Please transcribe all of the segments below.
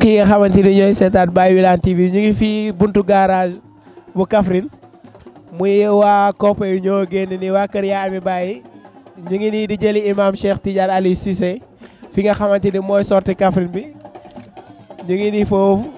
mbokk yi nga xamante ni ñooy seetaan Baye TV ñu ngi fi buntu garage bu Kaffrine muy waa Kopa yi ñoo génn ni wa kër yaa ami Baye ñu ngi nii di jëli imam Cheikh Tidiane Ali Cissé fi nga xamante ni mooy sorti Kaffrine bi ñu ngi ni foofu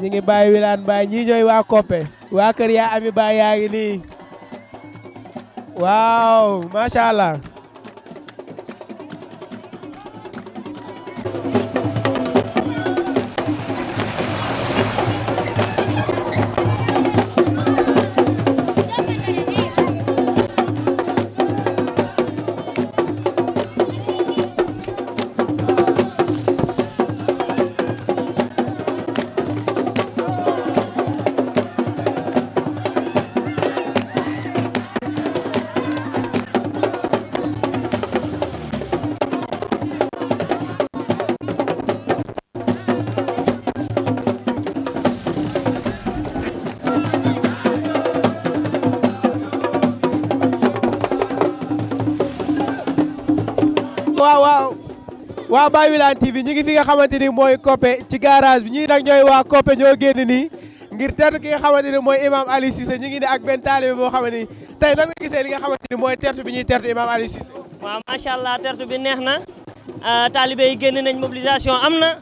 ñu ngi Baye Willane Baye ñii wa waa Kopa waa kër yaa ami Baye ngi waaw macha allah. waa Baye Willane TV ñu ngi fi nga xamante ni mooy Coppé ci garage bi ñii nag ñooy waa Coppé ñoo génn ni ngir tertu ki nga xamante ni mooy Imam Aliou Cissé ngi ne ak benn taalibe boo xam ne tey nan nga xamante ni mooy tertu bi ñuy tertu Imam Aliou Cissé. waaw macha allah tertu bi neex na euh, taalibe yi génn nañ mobilisation am na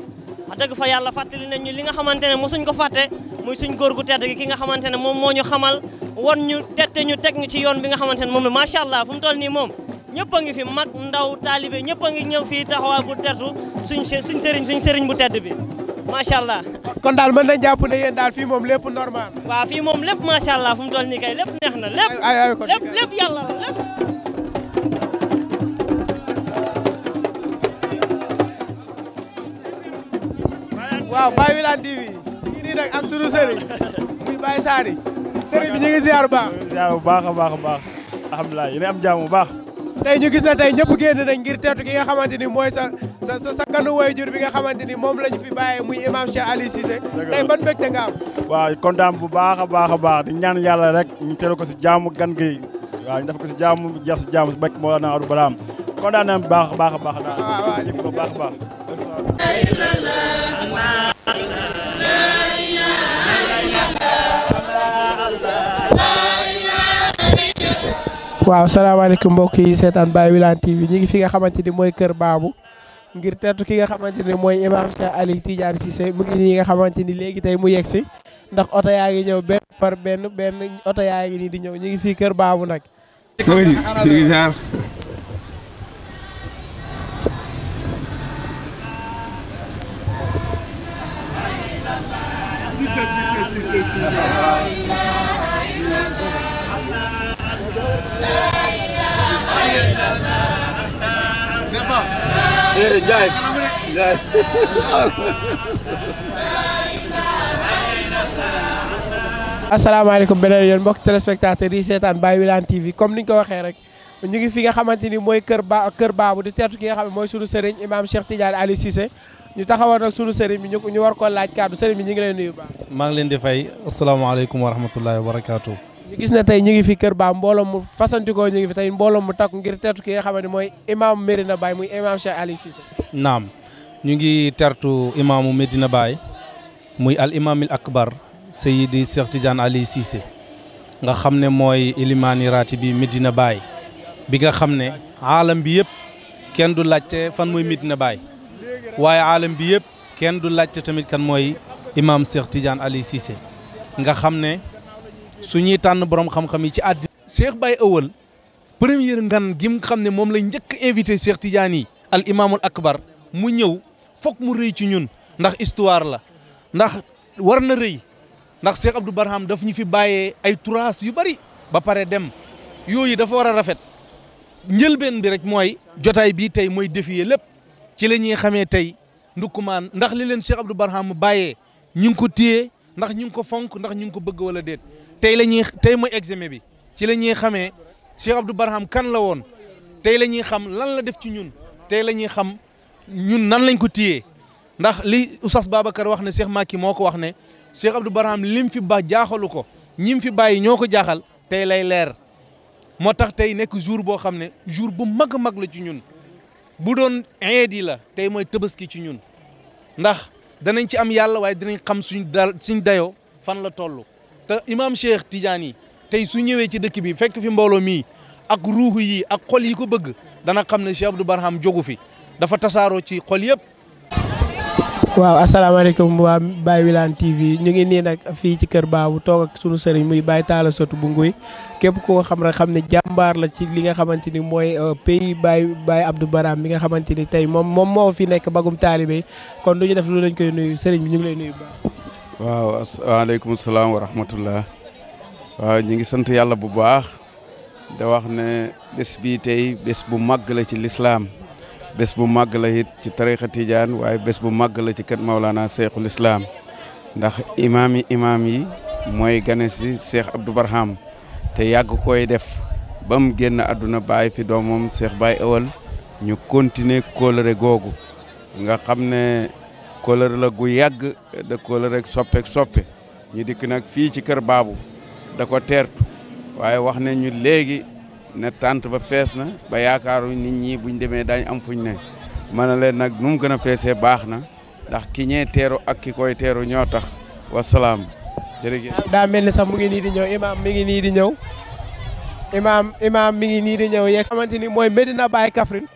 wax dëgg fa yàlla fàttali nañ ñu li nga xamante ne mosuñ ko fàtte muy suñ góor gu tedd gi ki nga xamante ne moom moo ñu xamal won ñu tette ñu teg ñu ci yoon bi nga xamante ne moom la macha allah fu mu toll nii moom ñëpp a ngi fi mag ndaw taalibe ñëpp a ngi ñëw fii taxawaay bu tertu suñ suñ sëriñ suñ sëriñ bu tedd bi macha allah. kon daal mën nañ jàpp daal fii moom lépp normal. waaw fii moom lépp macha allah fu mu toll nii neex na lépp. ay ay kon lépp baax. baax a baax a baax am jàmm bu baax. tey ñu gis na tey ñëpp génn nañ ngir teetu ki nga xamante ni mooy sa sa sa ganu waajur bi nga xamante ni moom la ñu fi bàyyee muy imam Cheikh Aliou Cissé tey ban mbégte nga am waaw kontaan bu baax a baax a baax di ñaan yàlla rek ñu teeru ko si jaamu gan gi waaw ñu def ko si jaamu jeex si jaamu si bekk moo naa adu baraam kontaan nañ baax a baax a baax daal ñu ko baax a waaw salaamaaleykum mbokk yi seetaan Baye Willane TV ñu ngi fi nga xamante ni mooy Kër baabu ngir teertu ki nga xamante ni mooy Imam Cheikh Aliou Tidiane Cissé mu ngi nii nga xamante ni léegi tey mu yegg si ndax oto yaa ngi ñëw benn benn benn oto yaa ngi nii di ñëw ñu ngi fii Kër baabu nag. Eh, Ndiaye Ndiaye. asalaamaaleykum beneen yoon mbokk téléspectateurs yi seetaan Baye Willane TV comme ni ñu ko waxee rek ñu ngi fi nga xamante ni mooy kër ba kër baabu di teertu ki nga xam mooy sunu sëriñ imaam Cheikh Tidiane Ali Cissé ñu taxawoon nag sunu sëriñ bi ñu war ko laaj kàddu sëriñ bi ñu ngi lay nuyu baax. maa ngi leen di fay asalaamaaleykum wa rahmatullahi wa barakaatu. gis ne tey ñu ngi fi Kër baa mbooloo mu fasantikoo ñu ngi fi tey mbooloo mu takk ngir tertu ki nga xam ne mooy imam muy imam Cheikh naam ñu ngi tertu imaamu Medina Baye muy al imaamil akbar Seydi Cheikh Tidiane Aliou Cissé nga xam ne mooy ilimaani raati bi Medina Baye bi nga xam ne aalam bi yëpp kenn du laajte fan mooy Medina Baye waaye aalam bi yëpp kenn du laajte tamit kan mooy imaam Cheikh Tidiane Aliou Cissé nga xam ne. suñuy tànn borom xam-xam yi ci àddina Cheikh Baye Ëwël premier ngan gi xam ne moom la njëkk invité Cheikh Tidiane yi al imaamul akbar mu ñëw foog mu rëy ci ñun ndax histoire la ndax war na rëy ndax Cheikh Abdou Barham daf ñu fi bàyyee ay turaas yu bari ba pare dem yooyu dafa war a rafet njëlbeen bi rek mooy jotaay bii tey mooy défier lépp ci la ñuy xamee tey ndukkumaan ndax li leen Cheikh Abdou Barham bàyyee ñu ngi ko téye ndax ñu ngi ko fonk ndax ñu ngi ko bëgg wala déet tey la ñuy tey mooy examen bi ci la ñuy xamee Cheikh Abdou Barham kan la woon tey la ñuy xam lan la def ci ñun tey la ñuy xam ñun nan lañ ko téyee ndax li Oustaz Babacar wax ne Cheikh Macky moo ko wax ne Cheikh Abdou Barham lim fi ba jaaxalu ko ñim fi bàyyi ñoo ko jaaxal tey lay leer moo tax tey nekk jour boo xam ne jour bu mag a mag la ci ñun bu doon eed la tey mooy tëbaski ci ñun ndax danañ ci am yàlla waaye dinañ xam suñ dal suñ dayoo fan la toll te imaam Cheikh Tidiane yi tey su ñëwee ci dëkk bi fekk fi mbooloo mii ak ruuxu yi ak xol yi ko bëgg dana xam ne Cheikh Abdou Barham jogu fi dafa tasaaroo ci xol yëpp. waaw asalaamaaleykum waa Baye Wilane TV ñu ngi nii nag fii ci kër Babou toog ak sunu sëriñ muy Baye Talla Sëtu bu nguy képp koo xam rek xam ne jàmbaar la ci li nga xamante ni mooy euh, pays Baye Baye Abdou Barham mi nga xamante ni tey moom moom moo fi nekk bagum taalibe kon du ñu def lu lañ koy nuyu sëriñ bi ñu ngi lay nuyu waaw asalaamaaleykum salaam wa waaw ñu ngi sant yàlla bu baax da wax ne bés bii tey bés bu màgg la ci lislaam bés bu màgg la it ci tarixa waaye bés bu màgg la ci kat Maulana Cheikhul lislaam ndax imaam yi imaam yi mooy ganesi si Cheikh Abdou te yàgg koy def ba mu génn àdduna bàyyi fi doomam Cheikh Baye Ewal ñu continuer kóolare googu nga xam ne kóllëre la gu yàgg da kóllëre ak soppeek soppe ñu dikk nag fii ci kër baabu da ko teertu waaye wax ne ñu léegi ne tànt ba fees na ba yaakaaru nit ñi buñ demee daañ am fuñ ne mën na leen nag nu mu gën a feesee baax na ndax ki ñee teeru ak ki koy teeru ñoo tax wasalaam jërëjëf daa mel ni mu ngi nii di ñëw imaam mi ngi nii di ñëw imaam imaam xamante ni mooy Medina Baye Kaffrine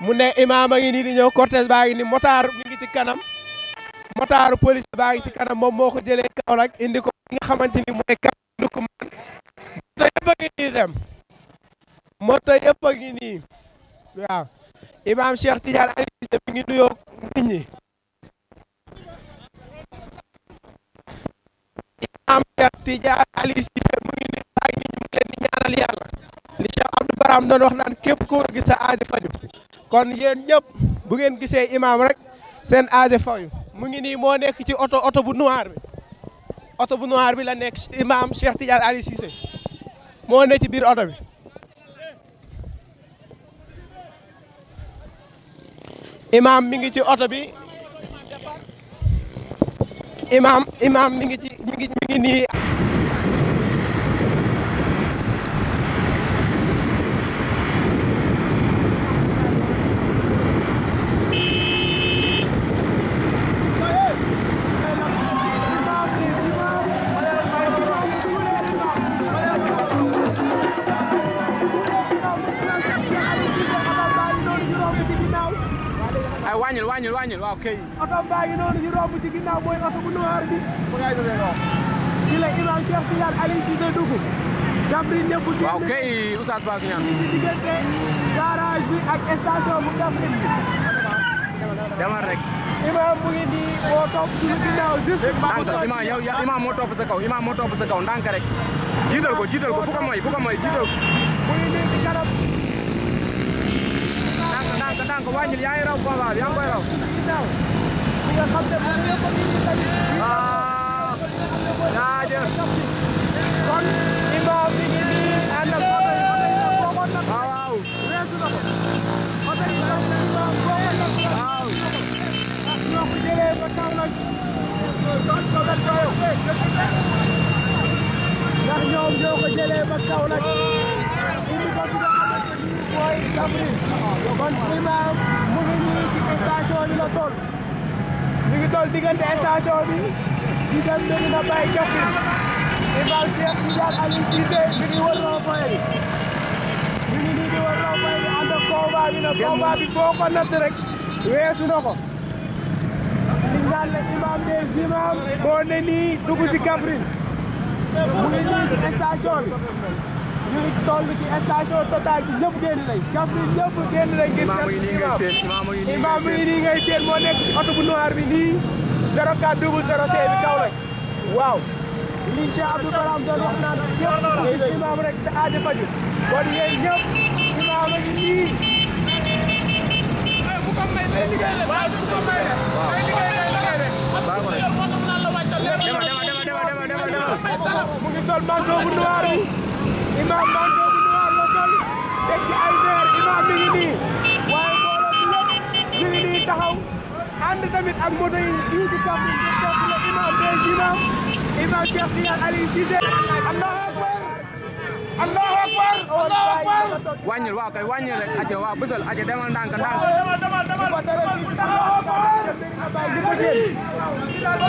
mu ne imam ngi ni di ñew cortège baa ngi ni motar mi ngi ci kanam motar police baa ngi ci kanam mom moko jele kaw rek indi ko nga xamanteni moy mooy kàddu ko man moto ya a ngi nii dem moto yëpp a ngi ni waaw imam Cheikh Tidiane ali Cissé mi ngi nuyo nit ñi imam Cheikh Tidiane ali Cissé mi ngi nuyoo tay ñu leen di ñaanal yalla li Cheikh Abdou Baram doon wax naan kep ko gis sa aajo faju kon yéen ñëpp bu ngeen gisee imaam rek seen aajo fayu mu ngi nii moo nekk ci oto oto bu noir bi oto bu noir bi la nekk imaam Cheikh Tidiane Ali Cissé moo ne ci biir oto bi imaam mi ngi ci oto bi imaam imaam mi ngi ci mi ngi nii ay wàññil wàññil wàññil waaw kay. oto baa noonu ñu romb bu noir bi. bu ngay defee waaw. ci la Imam Cheikh Tidiane Aliou Cissé dugg. Gambie ñëpp génn waaw kay Oustaz ak station bu Gambie bi. rek. Imam mu ngi di moo topp suñu ginnaaw juste. ndànk Imam yow moo topp sa kaw Imam moo topp sa kaw ndànk rek. ko jiital ko bu ko mooy bu ko mu ngi nii ci wàññil yaa ngi raw combat bi yaa ngi koy raw. waaw jaajëf kon ñu nga xam ne ñu ngi ànd ak oto yi oto yi moom bokkoon na ko. waaw waaw weesu na ko oto yi moom bokkoon na ko. waaw ñoo ko jëlee ba taw lañ. ndax ñoom ñoo ko jëlee ba taw lañ. indi ko bi nga xamante ni mooy Gambie. kon Sima mu ci station di dem imaam de imaam boo ne nii dugg si Kaffrine mu ngi nii ci ñu ngi toll ci station Total bi ñëpp génn nañ. Kaffrine ñëpp génn nañ. ngir def imaam imaam yi nii ngay seen moo nekk ci oto bu noir bi nii 04 double 05 bi kaw lañ waaw. lii Cheikh Abdou Baram doon wax naan ñëpp ci imaam rek te aajo faju kon yéen ñëpp imaam a ngi nii. Eh, bu ko may day liggéey de. waaw bu ko may de. day liggéey de liggéey de. waaw waaw. demal demal demal demal demal. mu ngi sol manteau bu noir bi. imam man doomu noir la sol teg ci ay meer imam mi ngi nii waaye mbooloo bi lépp mi ngi nii taxaw ànd tamit ak moto yi ñu ci topp ñu topp la imam des imam imam Cheikh Tidiane Aliou Cissé allahu akbar allahu akbar allahu akbar wàññil waaw kay wàññil rek aja waaw bësal aja demal ndànk ndànk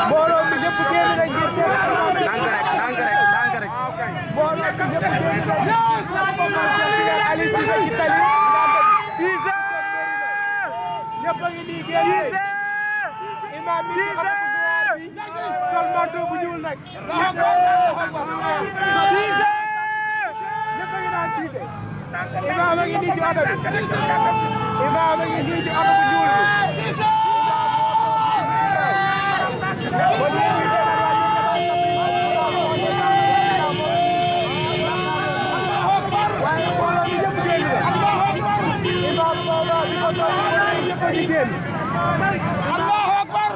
mbooloo bi lépp génn nañ ndànk rek ndànk rek Ibrahima ngi nii ci الله اكبر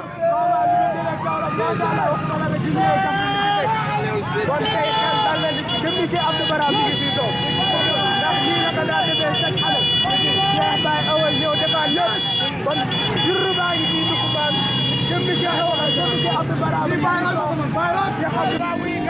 kon tey xel dal na nit jëm ni Cheikh Abdou Bara mi ngi fii toog ndax nii la ko daal defee chaque année Cheikh Baye awal ñëw defaat lépp kon jurru baa ngi fii dugg baan jëm ni Cheikh awal jëm ni Cheikh Abdou Bara mi ngi fii toog Cheikh Abdou Bara